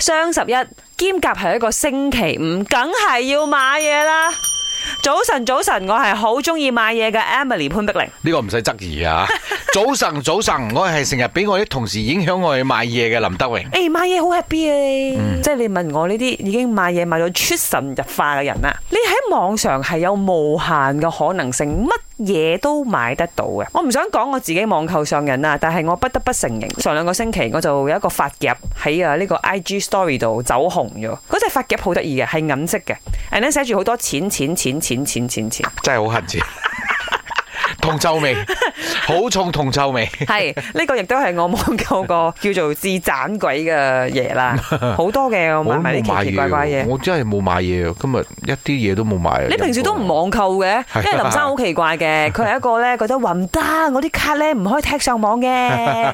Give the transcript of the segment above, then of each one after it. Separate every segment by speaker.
Speaker 1: 雙十一兼夾係一個星期五，梗係要買嘢啦！早晨，早晨，我係好鍾意買嘢嘅 Emily 潘碧玲，呢個唔使質疑啊！ 早晨，早晨！我係成日俾我啲同事影響我去買嘢嘅林德榮。誒、欸，買嘢好 happy 啊！嗯、即係你問我呢啲已經買嘢買到出神入化嘅人啦。你喺網上係有無限嘅可能性，乜嘢都買得到嘅。我唔想講我自己網購上癮啦，但係我不得不承認，上兩個星期我就有一個髮夾喺啊呢個 I G Story 度走紅咗。嗰隻髮夾好得意嘅，係銀色嘅，and then 寫住好多錢錢錢錢錢錢錢，真係好乞錢。錢錢錢 同洲味。好重同臭味，係呢個亦都係我網購過叫做自斬鬼嘅嘢啦，好多嘅我買埋啲奇奇怪怪嘢。我真係冇買嘢，今日一啲嘢都冇買。你平時都唔網購嘅，因為林生好奇怪嘅，佢係一個咧覺得暈得，我啲卡咧唔可以踢上網嘅，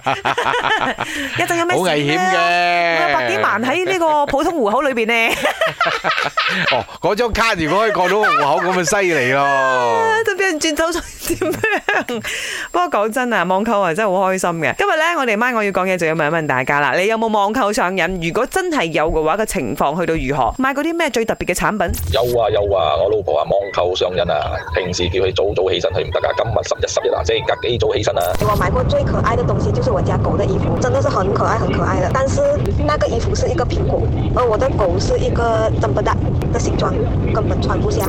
Speaker 1: 一陣有咩？好危險嘅。喺 呢個普通戶口裏邊呢， 哦，嗰張卡如果可以過到戶口咁咪犀利咯、 啊，都俾人轉走咗點樣？ 不過講真的 啊，網購啊真係好開心嘅。今日咧，我哋 MY 我要講嘢，就要問一問大家啦。你有冇網購上癮？如果真係有嘅話，個情況去到如何？買嗰啲咩最特別嘅產品？有啊有啊，我老婆啊網購上癮啊，平時叫佢早早起身係唔得噶，今日十一十一嗱、啊，即係隔幾早起身啊！我買過最可愛嘅東西就是我家狗嘅衣服，真的是很可愛很可愛嘅，但是那個衣服是一個蘋果，而我的狗是一個這麼大的形狀，根本穿不下。